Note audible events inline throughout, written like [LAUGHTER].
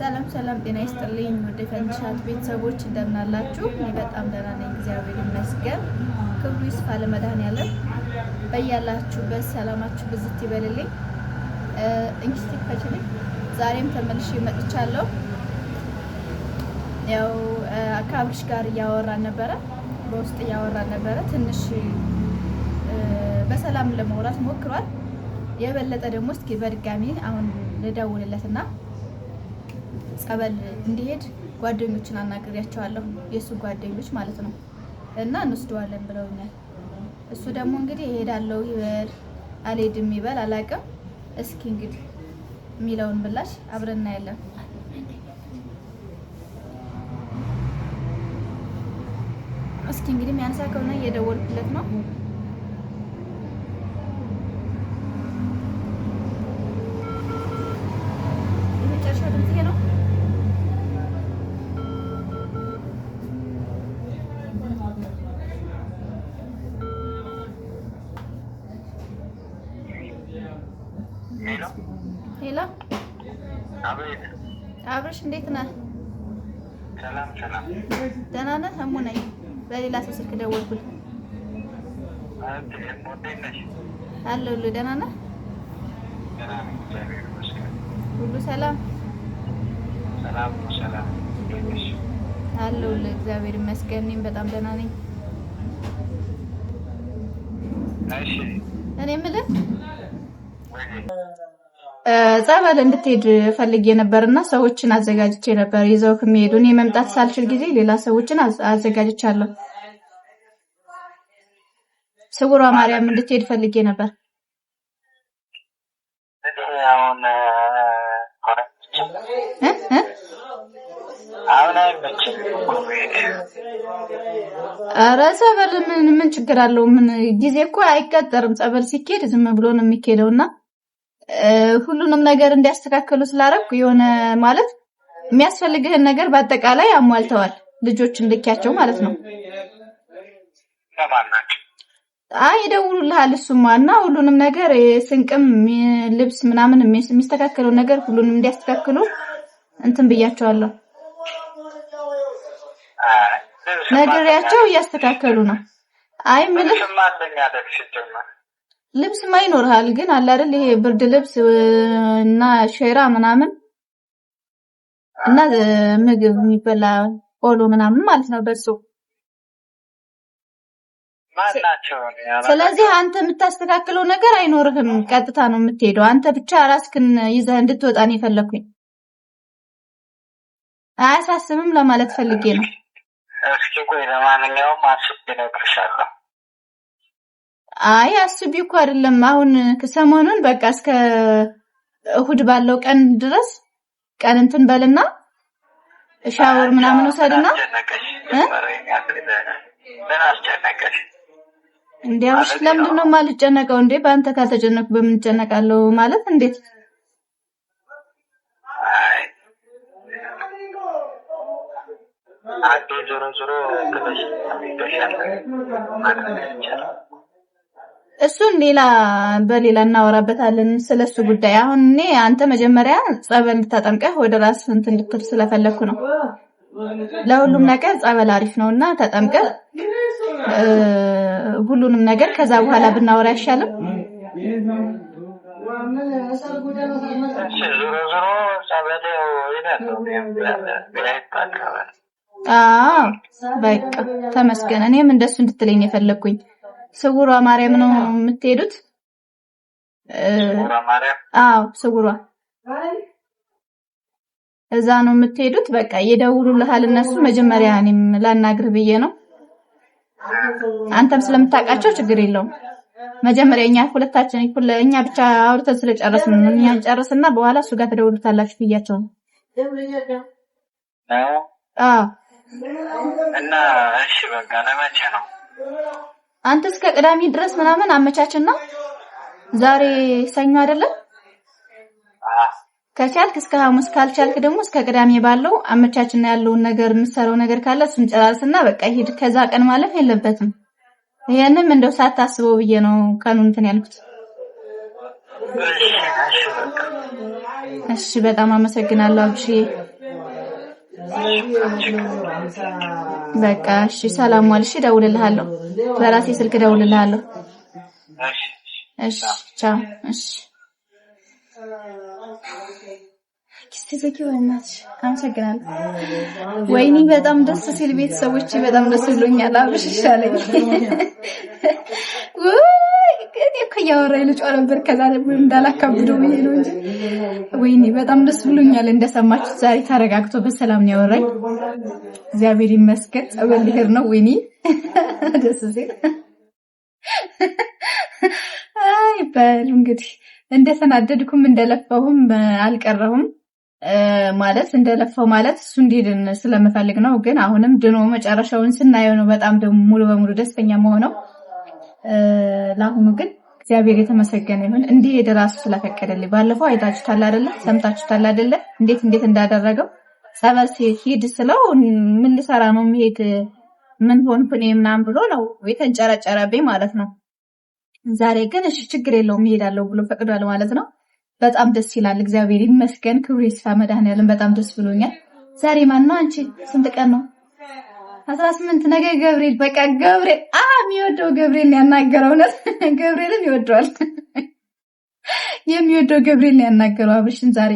ሰላም ሰላም፣ ጤና ይስጥልኝ ወደ ፈንድሻት ቤተሰቦች እንደምናላችሁ። እኔ በጣም ደህና ነኝ፣ እግዚአብሔር ይመስገን። ክብሩ ይስፋ ለመድኃኔዓለም። በያላችሁበት ሰላማችሁ ብዝት ይበልልኝ። እንግስቲክ ፈችልኝ። ዛሬም ተመልሼ መጥቻለሁ። ያው ከአብርሽ ጋር እያወራን ነበረ፣ በውስጥ እያወራን ነበረ። ትንሽ በሰላም ለማውራት ሞክሯል። የበለጠ ደግሞ እስኪ በድጋሚ አሁን ልደውልለትና ጸበል እንዲሄድ ጓደኞችን አናግሬያቸዋለሁ። የእሱ ጓደኞች ማለት ነው። እና እንወስደዋለን ብለውኛል። እሱ ደግሞ እንግዲህ እሄዳለሁ ይበል አልሄድም ይበል አላውቅም። እስኪ እንግዲህ የሚለውን ምላሽ አብረን እናያለን። እስኪ እንግዲህ የሚያነሳ ከሆነ እየደወልኩለት ነው። አብረሽ እንዴት ነህ? ደህና ነህ? እሙ ነኝ። በሌላ ሰው ስልክ ደወልኩልህ። አለሁልህ። ደህና ነህ? ሁሉ ሰላም አለሁልህ። እግዚአብሔር ይመስገን። እኔም በጣም ደህና ነኝ። እኔ የምልህ ጸበል እንድትሄድ ፈልጌ ነበር እና ሰዎችን አዘጋጅቼ ነበር ይዘው ከሚሄዱ እኔ መምጣት ሳልችል ጊዜ ሌላ ሰዎችን አዘጋጅቻለሁ። ስውሯ ማርያም እንድትሄድ ፈልጌ ነበር። አረ ጸበል ምን ምን ችግር አለው? ምን ጊዜ እኮ አይቀጠርም። ጸበል ሲኬድ ዝም ብሎ ነው የሚኬደውና ሁሉንም ነገር እንዲያስተካከሉ ስላረኩ የሆነ ማለት የሚያስፈልግህን ነገር በአጠቃላይ አሟልተዋል። ልጆችን ልኪያቸው ማለት ነው። አይ ይደውሉልሃል። እሱማ እና ሁሉንም ነገር ስንቅም፣ ልብስ ምናምን የሚስተካከለው ነገር ሁሉንም እንዲያስተካክሉ እንትን ብያቸዋለሁ። ነግሬያቸው እያስተካከሉ ነው። አይ ምልህ ልብስማ ይኖርሃል ግን አለ አይደል ይሄ ብርድ ልብስ እና ሸራ ምናምን እና ምግብ የሚበላ ቆሎ ምናምን ማለት ነው በሱ ስለዚህ አንተ የምታስተካክለው ነገር አይኖርህም ቀጥታ ነው የምትሄደው አንተ ብቻ ራስክን ይዘህ እንድትወጣ ነው የፈለኩኝ አያሳስብም ለማለት ፈልጌ ነው እስኪ ቆይ ለማንኛውም አስቤ እነግርሻለሁ አይ አስቢ እኮ አይደለም አሁን ሰሞኑን በቃ እስከ እሁድ ባለው ቀን ድረስ ቀን እንትን በልና ሻወር ምናምን ውሰድና እንዲያውሽ ለምንድን ነው የማልጨነቀው እንዴ? በአንተ ካልተጨነኩ በምን እጨነቃለሁ? ማለት እንዴት ዞሮ ዞሮ እሱን ሌላ በሌላ እናወራበታለን። ስለሱ ጉዳይ አሁን እኔ አንተ መጀመሪያ ጸበል እንድታጠምቀህ ወደ ራስ ስንት እንድትል ስለፈለኩ ነው። ለሁሉም ነገር ጸበል አሪፍ እና ተጠምቀህ ሁሉንም ነገር ከዛ በኋላ ብናወራ አይሻልም? አዎ በቃ ተመስገን። እኔም እንደሱ እንድትለኝ የፈለግኩኝ ስውሯ ማርያም ነው የምትሄዱት? አዎ ስውሯ እዛ ነው የምትሄዱት። በቃ ይደውሉልሃል እነሱ። መጀመሪያ እኔም ላናግር ብዬ ነው። አንተም ስለምታውቃቸው ችግር የለውም። መጀመሪያ እኛ ሁለታችን እኛ ብቻ አውርተን ስለጨረስን ነው እኛ ጨርስና በኋላ እሱ ጋር ትደውሉታላችሁ ብያቸው ነው። አዎ እና እሺ በቃ ለመቼ ነው? አንተ እስከ ቅዳሜ ድረስ ምናምን አመቻችና ዛሬ ሰኞ አይደለም ከቻልክ እስከ ሐሙስ ካልቻልክ ደግሞ እስከ ቅዳሜ ባለው አመቻችና ያለውን ነገር የምትሰራው ነገር ካለ እሱን ጨራርስና በቃ ሂድ። ከዛ ቀን ማለፍ የለበትም። ይሄንም እንደው ሳታስበው ብዬ ነው ቀኑ እንትን ያልኩት። እሺ፣ በጣም አመሰግናለሁ አብሽዬ። በቃ እሺ፣ ሰላም ዋል። እሺ፣ እደውልልሃለሁ። በራሴ ስልክ እደውልልሃለሁ። እሺ፣ ቻው። እሺ፣ አመሰግናለሁ። ወይኔ በጣም ደስ ሲል ቤተሰቦቼ፣ በጣም ደስ ብሎኛል። አብሽ ይሻለኝ እያወራ ልጫ ነበር። ከዛ ደግሞ እንዳላካብደው ብዬ ነው እንጂ ወይኔ በጣም ደስ ብሎኛል። እንደሰማችሁ ዛሬ ተረጋግቶ በሰላም ነው ያወራኝ። እግዚአብሔር ይመስገን። ጸበል ልሄድ ነው። ወይኔ [LAUGHS] ደስ ሲል አይ በል እንግዲህ እንደተናደድኩም እንደለፋሁም አልቀረሁም ማለት እንደለፈው ማለት እሱ እንዲድን ስለምፈልግ ነው። ግን አሁንም ድኖ መጨረሻውን ስናየው ነው በጣም ደግሞ ሙሉ በሙሉ ደስተኛ መሆነው። ለአሁኑ ግን እግዚአብሔር የተመሰገነ ይሁን። እንዲህ የደራሱ ስለፈቀደልኝ። ባለፈው አይታችሁታል አይደለ? ሰምታችሁታል አይደለ? እንዴት እንዴት እንዳደረገው ጸበል ሂድ ስለው ምን ልሰራ ነው መሄድ ምን ሆንኩ እኔ ምናምን ብሎ ነው የተንጨረጨረብኝ ማለት ነው። ዛሬ ግን እሺ ችግር የለውም እሄዳለሁ ብሎ ፈቅዷል ማለት ነው። በጣም ደስ ይላል። እግዚአብሔር ይመስገን። ክብሩ ይስፋ። መድኃኒዓለም በጣም ደስ ብሎኛል። ዛሬ ማን አንቺ? ስንት ቀን ነው አስራ ስምንት ነገ ገብርኤል በቃ ገብርኤል አ የሚወደው ገብርኤል ያናገረው እውነት ገብርኤልን ይወደዋል። የሚወደው ገብርኤል ያናገረው አብርሽን ዛሬ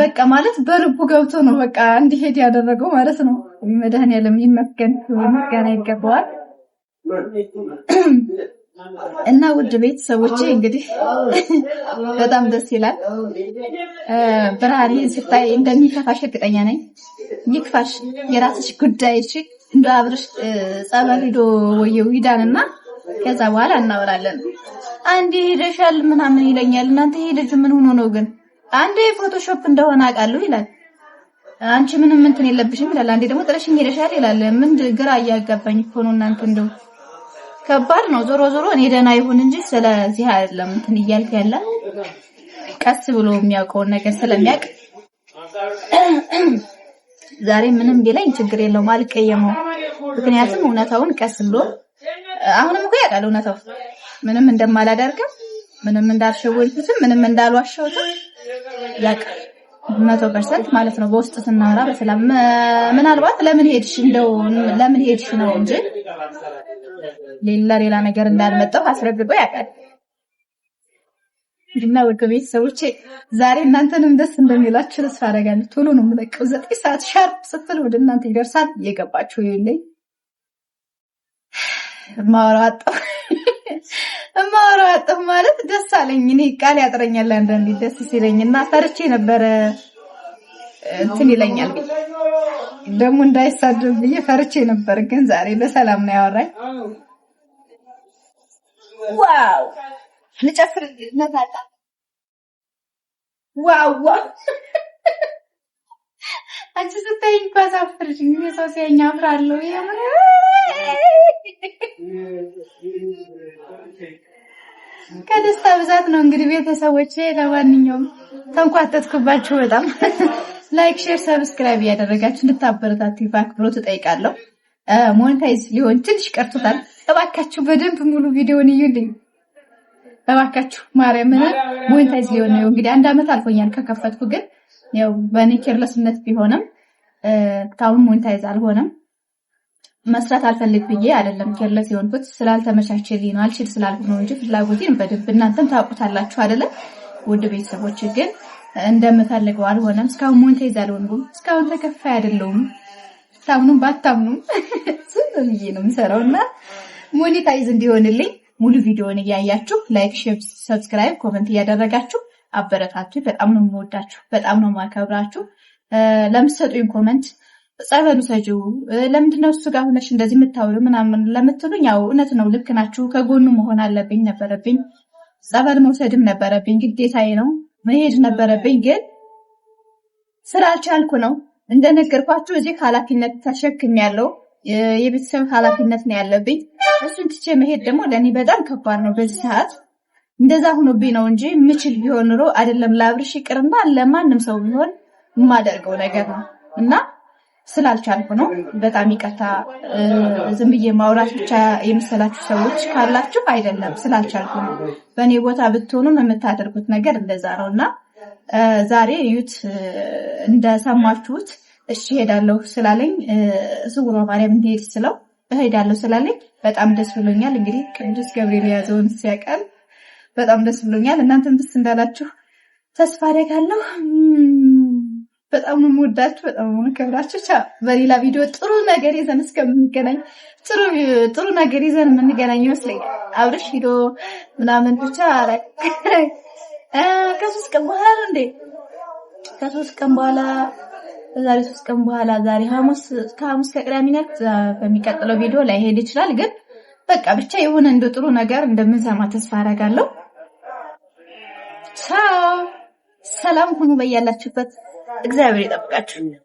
በቃ ማለት በልቡ ገብቶ ነው በቃ እንዲሄድ ያደረገው ማለት ነው። መድኃኒዓለም ይመስገን፣ ምስጋና ይገባዋል። እና ውድ ቤት ሰዎቼ እንግዲህ [LAUGHS] በጣም ደስ ይላል። ብርሃኔ ስታይ እንደሚከፋሽ እርግጠኛ ነኝ። ይክፋሽ፣ የራስሽ ጉዳይ። እሺ እንደ አብርሽ ጸበል ሂዶ ወየው ይዳንና ከዛ በኋላ እናወራለን። አንዴ ሄደሻል ምናምን ይለኛል። እናንተ ይሄ ልጅ ምን ሆኖ ነው ግን? አንዴ ፎቶሾፕ እንደሆነ አውቃለሁ ይላል። አንቺ ምንም እንትን የለብሽም ይላል። አንዴ ደግሞ ጥለሽኝ ሄደሻል ይላል። ምን ግራ እያጋባኝ እኮ ነው እናንተ እንደው ከባድ ነው። ዞሮ ዞሮ እኔ ደህና ይሁን እንጂ ስለዚህ አይደለም እንትን እያልኩ ያለ ቀስ ብሎ የሚያውቀውን ነገር ስለሚያውቅ ዛሬ ምንም ቢለኝ ችግር የለውም አልቀየመው። ምክንያቱም እውነታውን ቀስ ብሎ አሁንም እኮ ያውቃል እውነታው ምንም እንደማላደርግም ምንም እንዳልሸወልኩትም ምንም እንዳልዋሸሁትም ያውቃል። መቶ ፐርሰንት ማለት ነው። በውስጥ ስናወራ በሰላም ምናልባት ለምን ሄድሽ እንደው ለምን ሄድሽ ነው እንጂ ሌላ ሌላ ነገር እንዳልመጣሁ አስረግጎ ያውቃል። እና ወደ ቤተሰቦቼ ዛሬ እናንተንም ደስ እንደሚላችሁ ተስፋ አደርጋለሁ። ቶሎ ነው የምለቀው። ዘጠኝ ሰዓት ሻርፕ ስትል ወደ እናንተ ይደርሳል። እየገባችሁ ይልኝ ማወራጣ እማወራው ማለት ደስ አለኝ። እኔ ቃል ያጥረኛል አንዳንዴ ደስ ሲለኝ እና ሰርቼ ነበረ እንትን ይለኛል ደግሞ እንዳይሳደብ ብዬ ፈርቼ ነበር፣ ግን ዛሬ በሰላም ነው ያወራኝ። ዋው ልጨፍር። ዋው ዋው አንቺ ስታይኝ እኮ አሳፍርሽኝ። እኔ ሰው ሲያየኝ አፍራለሁ። የምር ከደስታ ብዛት ነው እንግዲህ ቤተሰቦቼ። ለማንኛውም ተንኳተትኩባችሁ በጣም ላይክ፣ ሼር፣ ሰብስክራይብ እያደረጋችሁ እንድታበረታት በአክብሮት እጠይቃለሁ። ሞኔታይዝ ሊሆን ትንሽ ቀርቶታል። እባካችሁ በደንብ ሙሉ ቪዲዮን እዩልኝ እባካችሁ ማርያምን። ሞኔታይዝ ሊሆን ነው እንግዲህ አንድ አመት አልፎኛል ከከፈትኩ ግን ያው በኔ ኬርለስነት ቢሆንም ታውን ሞኒታይዝ አልሆነም። መስራት አልፈልግ ብዬ አይደለም ኬርለስ የሆንኩት ስላልተመቻቸልኝ ነው፣ አልችል ስላልኩት ነው እንጂ ፍላጎቴን በደንብ እናንተም ታውቁታላችሁ አይደለም። ውድ ቤተሰቦች ግን እንደምፈልገው አልሆነም። እስካሁን ሞኒታይዝ አልሆንኩም። እስካሁን ተከፋይ አይደለሁም። ታምኑም ባታምኑም [LAUGHS] ዝም ብዬ ነው የምሰራው እና ሞኒታይዝ እንዲሆንልኝ ሙሉ ቪዲዮውን እያያችሁ ላይክ፣ ሼር፣ ሰብስክራይብ፣ ኮመንት እያደረጋችሁ አበረታችሁ። በጣም ነው የምወዳችሁ፣ በጣም ነው የማከብራችሁ። ለምትሰጡኝ ኮመንት ጸበሉ ሰጁ ለምንድነው እሱ ጋር ሆነሽ እንደዚህ የምታወሪው ምናምን ለምትሉኝ፣ ያው እውነት ነው፣ ልክ ናችሁ። ከጎኑ መሆን አለብኝ ነበረብኝ። ጸበል መውሰድም ነበረብኝ፣ ግዴታዬ ነው። መሄድ ነበረብኝ፣ ግን ስላልቻልኩ ነው። እንደነገርኳችሁ እዚህ ኃላፊነት ተሸክም ያለው የቤተሰብ ኃላፊነት ነው ያለብኝ። እሱን ትቼ መሄድ ደግሞ ለእኔ በጣም ከባድ ነው በዚህ ሰዓት። እንደዛ ሆኖብኝ ነው እንጂ ምችል ቢሆን ኑሮ አይደለም ለአብርሽ ይቅርና ለማንም ሰው ቢሆን የማደርገው ነገር ነው እና ስላልቻልኩ ነው። በጣም ይቅርታ። ዝም ብዬ ማውራት ብቻ የመሰላችሁ ሰዎች ካላችሁ አይደለም፣ ስላልቻልኩ ነው። በእኔ ቦታ ብትሆኑም የምታደርጉት ነገር እንደዛ ነው እና ዛሬ እዩት እንደሰማችሁት እሺ ሄዳለሁ ስላለኝ ስውሯ ማርያም እንዲሄድ ስለው እሄዳለሁ ስላለኝ በጣም ደስ ብሎኛል። እንግዲህ ቅዱስ ገብርኤል የያዘውን ሲያቀል በጣም ደስ ብሎኛል። እናንተም ደስ እንዳላችሁ ተስፋ አደርጋለሁ። በጣም ነው የምወዳችሁ፣ በጣም ነው የምከብራችሁ። ቻ በሌላ ቪዲዮ ጥሩ ነገር ይዘን እስከምንገናኝ ጥሩ ጥሩ ነገር ይዘን የምንገናኝ ይመስለኝ አብረሽ ሂዶ ምናምን ብቻ ከሶስት ቀን በኋላ እንዴ ከሶስት ቀን በኋላ ከዛሬ ሶስት ቀን በኋላ ዛሬ ሐሙስ ከሐሙስ ከቅዳሜ በሚቀጥለው ቪዲዮ ላይ ሄድ ይችላል፣ ግን በቃ ብቻ የሆነ እንደ ጥሩ ነገር እንደምንሰማ ተስፋ አደርጋለሁ። ቻው፣ ሰላም ሁኑ በያላችሁበት። Exactly.